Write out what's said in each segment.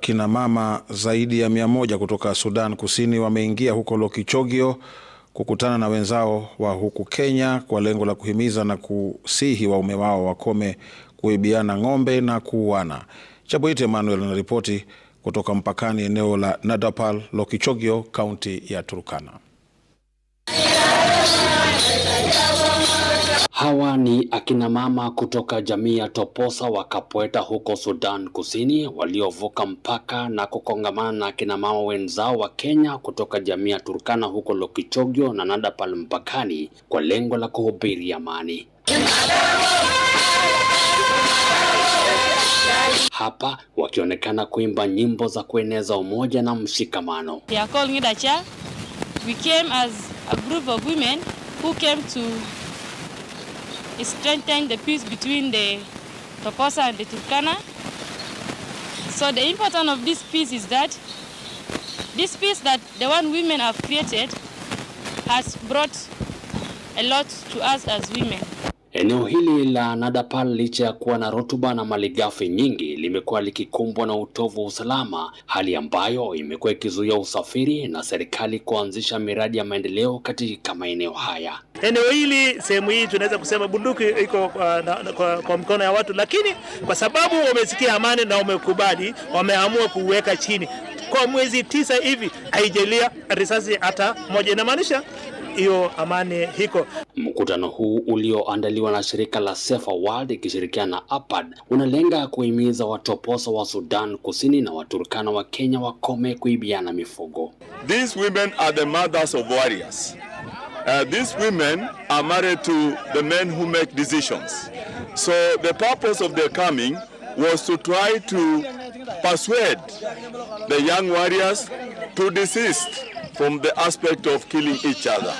Kina mama zaidi ya mia moja kutoka Sudan Kusini wameingia huko Lokichogio kukutana na wenzao wa huku Kenya kwa lengo la kuhimiza na kusihi waume wao wakome kuibiana ng'ombe na kuuana. Chaboit Emmanuel anaripoti kutoka mpakani eneo la Nadapal, Lokichogio, kaunti ya Turkana. Hawa ni akina mama kutoka jamii ya Toposa wa Kapweta huko Sudan Kusini waliovuka mpaka na kukongamana na akina mama wenzao wa Kenya kutoka jamii ya Turkana huko Lokichogyo na Nadapal mpakani kwa lengo la kuhubiri amani. Hapa wakionekana kuimba nyimbo za kueneza umoja na mshikamano. are We came as a group of women who came to strengthen the peace between the Tokosa and the Turkana. So the importance of this peace is that this peace that the one women have created has brought a lot to us as women. Eneo hili la Nadapal licha ya kuwa na rutuba na malighafi nyingi, limekuwa likikumbwa na utovu wa usalama, hali ambayo imekuwa ikizuia usafiri na serikali kuanzisha miradi ya maendeleo katika maeneo haya. Eneo hili sehemu hii tunaweza kusema bunduki iko kwa, uh, kwa, kwa mkono ya watu, lakini kwa sababu wamesikia amani na wamekubali, wameamua kuweka chini kwa mwezi tisa hivi haijalia risasi hata moja, inamaanisha hiyo amani hiko. Mkutano huu ulioandaliwa na shirika la Sefa World ikishirikiana na APAD unalenga kuhimiza watoposa wa Sudan Kusini na Waturkana wa Kenya wakome kuibiana mifugo. These women are the mothers of warriors. Uh, these women are married to the men who make decisions. So the purpose of their coming was to try to persuade the young warriors to desist from the aspect of killing each other.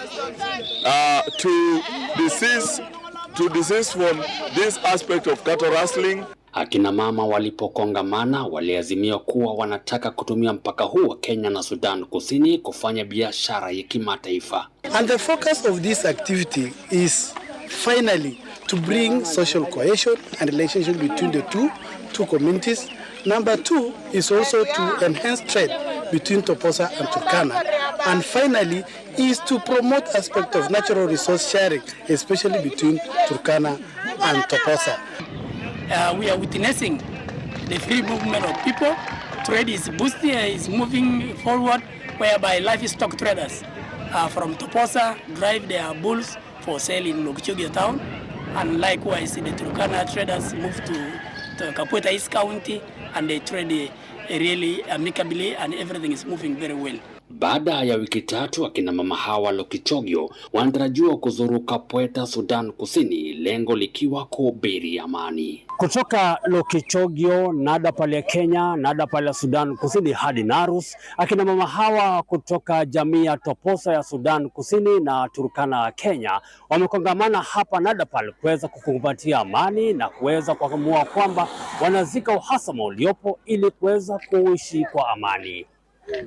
Uh, to desist, to desist from this aspect of cattle rustling. Akina mama walipokongamana waliazimia kuwa wanataka kutumia mpaka huu wa Kenya na Sudan Kusini kufanya biashara ya kimataifa. And the focus of this activity is finally to bring social cohesion and relationship between the two two communities. Number two is also to enhance trade between Toposa and Turkana. And finally, is to promote aspect of natural resource sharing, especially between Turkana and Toposa. Uh, we are witnessing the free movement of people. Trade is boosting, uh, is moving forward, whereby livestock traders uh, from Toposa drive their bulls for sale in Lokichogio town. And likewise, the Turkana traders move to, to Kapueta East County and they trade Eh, really uh, amicably and everything is moving very well. Baada ya wiki tatu akina mama hawa Lokitogyo wanatarajiwa kuzuru Kapweta, Sudan Kusini lengo likiwa kuhubiri amani. Kutoka Lokichogio, Nada pale Kenya, Nada pale Sudan Kusini hadi Narus, akina mama hawa kutoka jamii ya Toposa ya Sudan Kusini na Turkana ya Kenya wamekongamana hapa Nada pale kuweza kukumbatia amani na kuweza kuamua kwamba wanazika uhasama uliopo ili kuweza kuishi kwa amani.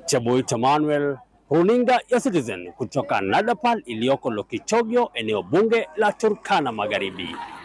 Cheboit Emmanuel, runinga ya Citizen kutoka Nadapal iliyoko Lokichogyo, eneo bunge la Turkana Magharibi.